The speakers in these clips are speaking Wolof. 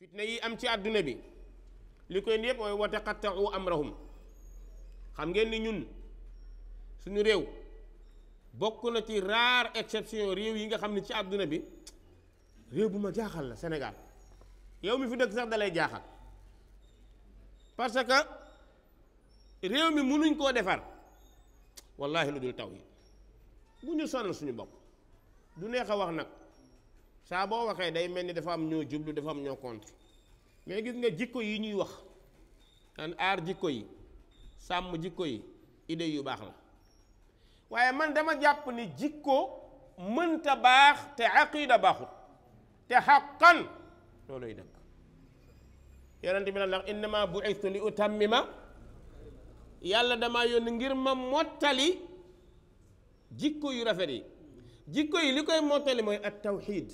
fitna yi am ci àdduna bi li koy yëpp mooy wa taqatta'u amrahum xam ngeen ni ñun suñu réew bokk na ci rare exception réew yi nga xam ne ci àdduna bi réew bu ma jaaxal la Sénégal yow mi fi dëkk sax dalay jaaxal parce que réew mi mënuñ koo defar wallahi lu dul taw yi bu ñu sonal suñu bopp du neex a wax nag saa boo waxee day mel ni dafa am ñoo jublu dafa am ñoo contre mais gis nga jikko yi ñuy wax an aar jikko yi sàmm jikko yi idée yu baax la waaye man dama jàpp ni jikko mënta baax te aqida baaxut te xaqan looluy dëkk yonent bi nag innama bu'istu li utammima yàlla dama yónni ngir ma mottali jikko yu rafet yi jikko yi li koy mottali mooy at tawxid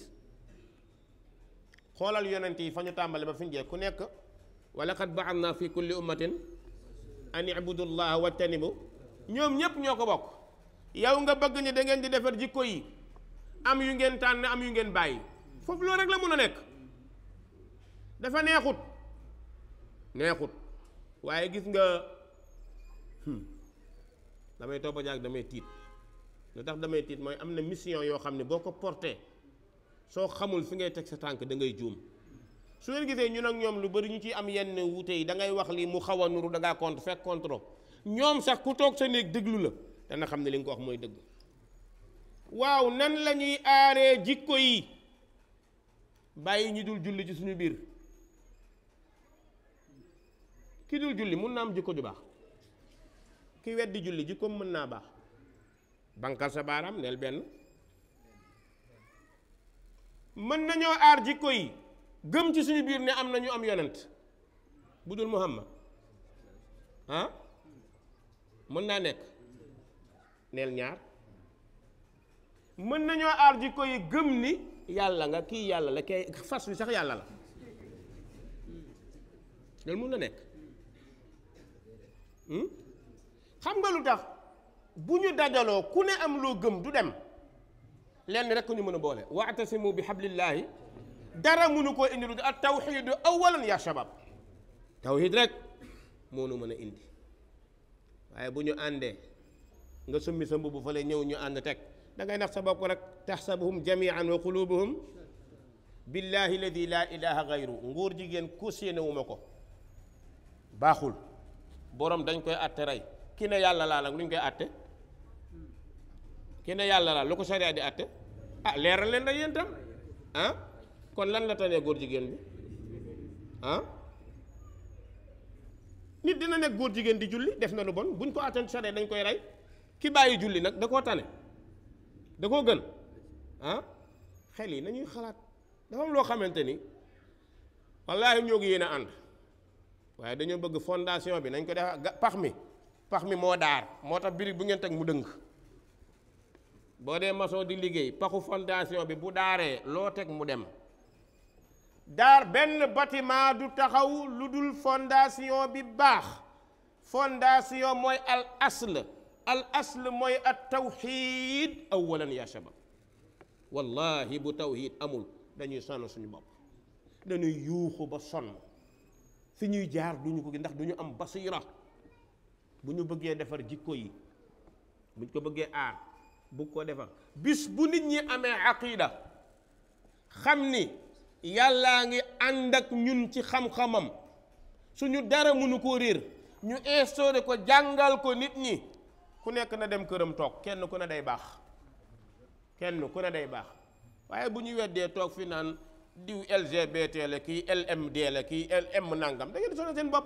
xoolal yonent yi fa ñu tàmbale ba fi ñu jeex ku nekk wa laqad naa fi kulli ummatin an ibudu llaha wajtanibu ñoom ñépp ñoo ko bokk yow nga bëgg ni da di defar jikko yi am yu ngeen tànn am yu ngeen bàyyi foofu loolu rek la mën a nekk dafa neexut neexut waaye gis nga hmm, damay topp a jaag damay tiit lu tax damay tiit mooy am na mission yoo xam ne boo ko porté soo xamul fi ngay teg sa tànk da ngay juum su leen gisee ñun ak ñoom lu bari ñu ci am yenn wuute yi da ngay wax lii mu xaw a nuru da ngaa contre fekk contre ñoom sax ku toog sa néeg déglu la dana xam ne li nga ko wax mooy dëgg waaw nan la ñuy aaree jikko yi bàyyi ñu dul julli ci suñu biir ki dul julli mun naa am jikko ju baax ki weddi julli jikkoom mën naa baax bankal sa baaraam neel benn mën nañoo aar jikko yi gëm ci suñu biir ne am na ñu am yonent bu dul Muhammad ah mën naa nekk neel ñaar mën nañoo aar jikko yi gëm ni yàlla nga kii yàlla la kay fas wi sax yàlla la loolu mun na nekk hmm? xam nga lu tax bu ñu dajaloo ku ne am loo gëm du dem lenn rek ñu mën a boole waatasimu bi hablillahi dara mënu koo indi lu ak tawxidu awalan ya shabab tawxid rek moo nu mën a indi waaye bu ñu àndee nga summi sa mbubb fële ñëw ñu ànd teg da ngay nax sa bopp rek taxsabuhum jamian wa qulubuhum billahi alladi laa ilaha gayru nguur jigéen ku séene wu ma ko baaxul boroom dañ koy atte rey ki ne yàlla laa nag lu koy atte ki yàlla la lu ko sariya di àtte ah leeral leen rek yéen tam ah kon lan la tanee góor jigéen bi ah nit dina nekk góor jigéen di julli def na lu bon bu buñ ko àttan sariya dañ koy rey ki bàyyi julli nag da koo tane da koo gën ah xel yi nañuy xalaat dafa loo xamante ni wallaahi ñoo ngi yéen a ànd waaye dañoo bëgg fondation bi nañ ko def pax mi pax mi moo daar moo tax biri bu ngeen teg mu dëng boo dee maso di liggéey paxu fondation bi bu daaree loo teg mu dem daar benn bâtiment du taxaw lu dul fondation bi baax fondation mooy al asl al asl mooy at tawxiid awalan yaa shabab bu tawxiid amul dañuy sonn suñu bopp dañuy yuuxu ba sonn fi ñuy jaar duñu ko gi ndax duñu am basira bu ñu bëggee defar jikko yi bu ñu ko bëggee aar bu ko defal bis bu nit ñi amee aqida xam ni yàllaa ngi ànd ak ñun ci xam-xamam suñu dara mënu koo réer ñu instauré ko jàngal ko nit ñi ku nekk na dem këram toog kenn ku ne day baax kenn ku ne day baax waaye bu ñu weddee toog fi naan diw LGBT la kii LMD la kii LM nangam da ngeen di sonal seen bopp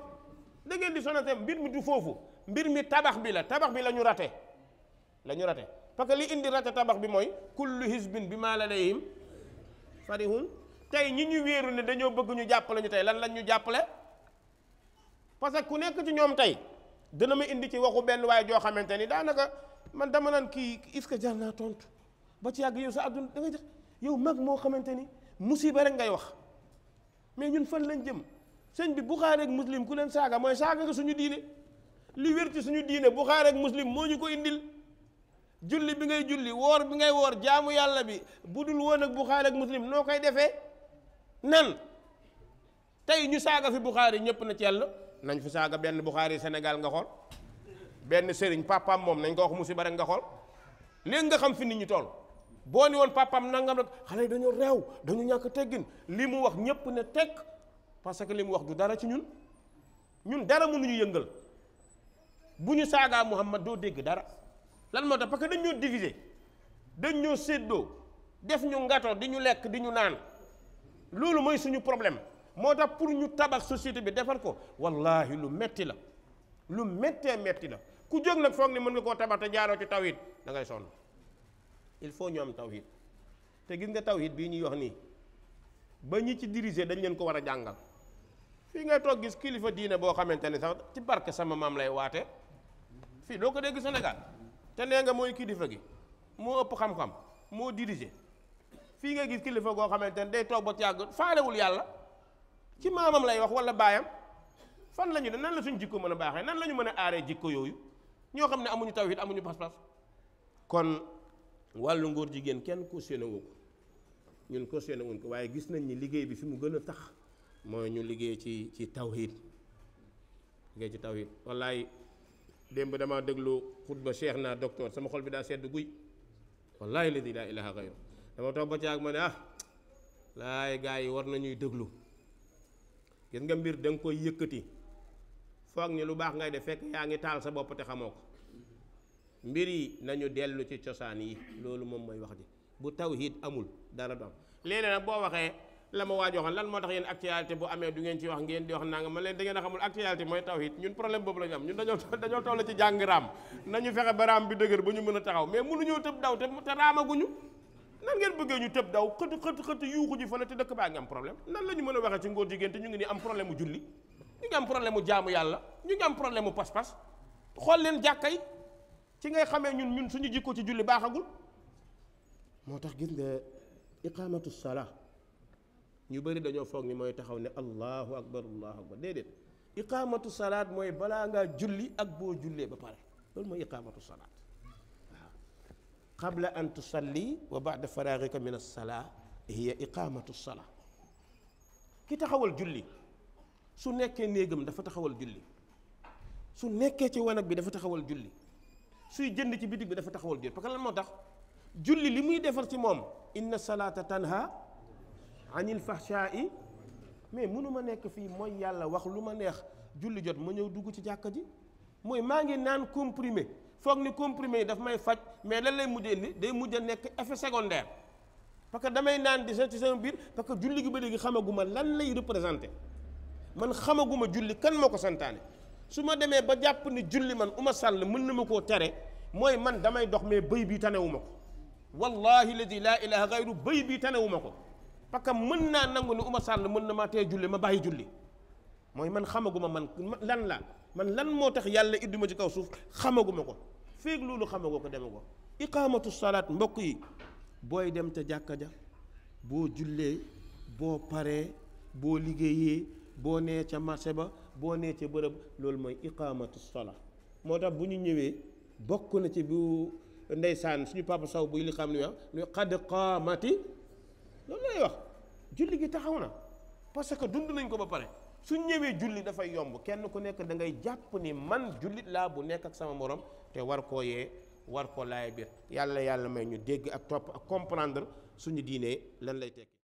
da di sonal seen mbir mi du foofu mbir mi tabax bi la tabax bi la ñu rate la ñu rate parce que li indi rata tabax bi mooy kullu hisbin bi maa la ladayhim farihun tey ñi ñu wéeru ne dañoo bëgg ñu jàppale ñu tey lan lañ ñu jàppale parce que ku nekk ci ñoom tey dana ma indi ci waxu benn waaye joo xamante ni daanaka man dama naan kii est-ce que jar naa tontu ba ci yàgg yow sa àdduna da nga yow mag moo xamante ni musiba rek ngay wax mais ñun fan lañ jëm sëñ bi Buxaari ak muslim ku leen saaga mooy saaga nga suñu diine li wér ci suñu diine Buxaari ak muslim moo ñu ko indil. julli bi ngay julli woor bi ngay woor jaamu yàlla bi bu dul woon ak buxaari ak muslim noo koy defee nan tey ñu saaga fi buxaari ñëpp na ci yàlla nañ fi saaga benn buxaari senegal nga xool benn sëriñ papaam moom nañ ko wax musiba rek nga xool léegi nga xam fi nit ñu toll boo ni woon papaam nangam rek xale yi dañu réew dañu ñàkk teggin li mu wax ñëpp ne tekk parce que li mu wax du dara ci ñun ñun dara ñu yëngal bu ñu saagaa Muhammad doo dégg dara lan moo tax parce que dañ ñoo diviser dañ ñoo séddoo def ñu ngato di ñu lekk di ñu naan loolu mooy suñu problème moo tax pour ñu tabax société bi defar ko wallaahi lu metti la lu méttee metti la ku jóg nag foog ni mën nga koo tabax te jaaroo ci tawhid da ngay sonn il faut ñu am tawhid te gis nga tawhid bii ñuy wax nii ba ñi ci diriger dañ leen ko war a jàngal fii ngay toog gis kilifa diine boo xamante ne sax ci barke sama maam lay waate fii doo ko dégg Sénégal te nee nga mooy kilifa gi moo ëpp xam-xam moo dirigé fii nga gis kilifa goo xamante ne day toog ba yàgg faalewul yàlla ci maamam lay wax wala baayam fan lañu de nan la suñ jikko mën a baaxee nan la ñu mën a aaree jikko yooyu ñoo xam ne amuñu tawhid amuñu pas-pas kon wàllu ngóor jigéen kenn cautionné wu ko ñun cautionné wuñ ko waaye gis nañ ñi liggéey bi fi mu gën a tax mooy ñu liggéey ci ci tawhid liggéey ci tawhid wallaay démb damaa déglu xutba cheikh naa docteur sama xol bi daa sedd guy wallaahi ladi laa ilaha xayru dama toog ba caag ma ne ah laay gars yi war nañuy déglu gis nga mbir da nga koy yëkkati foog ni lu baax ngay def fekk yaa ngi taal sa bopp te xamoo ko mbir yi nañu dellu ci cosaan yi loolu moom mooy wax ji bu taw tawhid amul dara du am léeg boo waxee la ma waaj waxoon lan moo tax yéen actualité bu amee du ngeen ci wax ngeen di wax nanga ma leen da ngeen a xamul actualité mooy tawhid ñun problème boobu la ñu am ñun dañoo dañoo toll ci jàng raam nañu fexe ba raam bi dëgër ba ñu mën a taxaw mais mënuñoo tëb daw te te raamaguñu nan ngeen bëggee ñu tëb daw xët xët xët yuuxu ji fële te dëkk baa ngi am problème nan la ñu mën a waxee ci ngóor jigéen te ñu ngi ni am problème mu julli ñu ngi am problème mu jaamu yàlla ñu ngi am problème mu pas-pas xool leen jàkka yi ci ngay xamee ñun ñun suñu jikko ci julli baaxagul moo tax gis nga iqamatu salaa ñu bari dañoo foog ni mooy taxaw ne allahu akbar allahu akbar déedéet iqaamatu salaat mooy balaa ngaa julli ak boo jullee ba pare loolu mooy iqaamatu salaat waaw qabla an tusalli wa baada faraagika min as-salaa hiya iqaamatu salaa ki taxawal julli su nekkee néegam dafa taxawal julli su nekkee ci wanag bi dafa taxawal julli suy jënd ci bitig bi dafa taxawal julli parce que moo tax julli li muy defar ci moom inna salaata tanha anil fahshaa'i mais mënuma nekk fii mooy yàlla wax lu ma neex julli jot ma ñëw dugg ci jàkka ji mooy maa ngi naan comprimer foog ni comprimer yi daf may faj mais lan lay mujjee ni day mujj nekk effet secondaire parce que damay naan di sa ci sama biir parce que julli gi ba léegi xamaguma lan lay représenté man xamaguma julli kan moo ko santaane su ma demee ba jàpp ni julli man uma sàll mun na ma koo tere mooy man damay dox mais bëy bi tanewuma ko wallahi ladi laa ilaha gayru bëy bi tanewuma ko parce mën naa nangu ni Oumar Sall mën na maa tee julli ma bàyyi julli mooy man xamaguma man lan la man lan moo tax yàlla idduma ci kaw suuf xamaguma ko feeg loolu xamagoo ko deme ko iqaamatu salaat mbokk yi booy dem ca jàkka ja boo jullee boo paree boo liggéeyee boo nee ca marché ba boo nee ca bërëb loolu mooy iqaamatu salaat moo tax bu ñu ñëwee bokk na ci bu ndeysaan suñu papa saw buy li xam ne ah ñu qad qaamati loolu lay wax julli gi taxaw na parce que dund nañ ko ba pare su ñëwee julli dafay yomb kenn ku nekk da ngay jàpp ni man jullit laa bu nekk ak sama morom te war koo yee war ko laay biir yàlla yàlla may ñu dégg ak topp ak comprendre suñu diinee lan lay tekki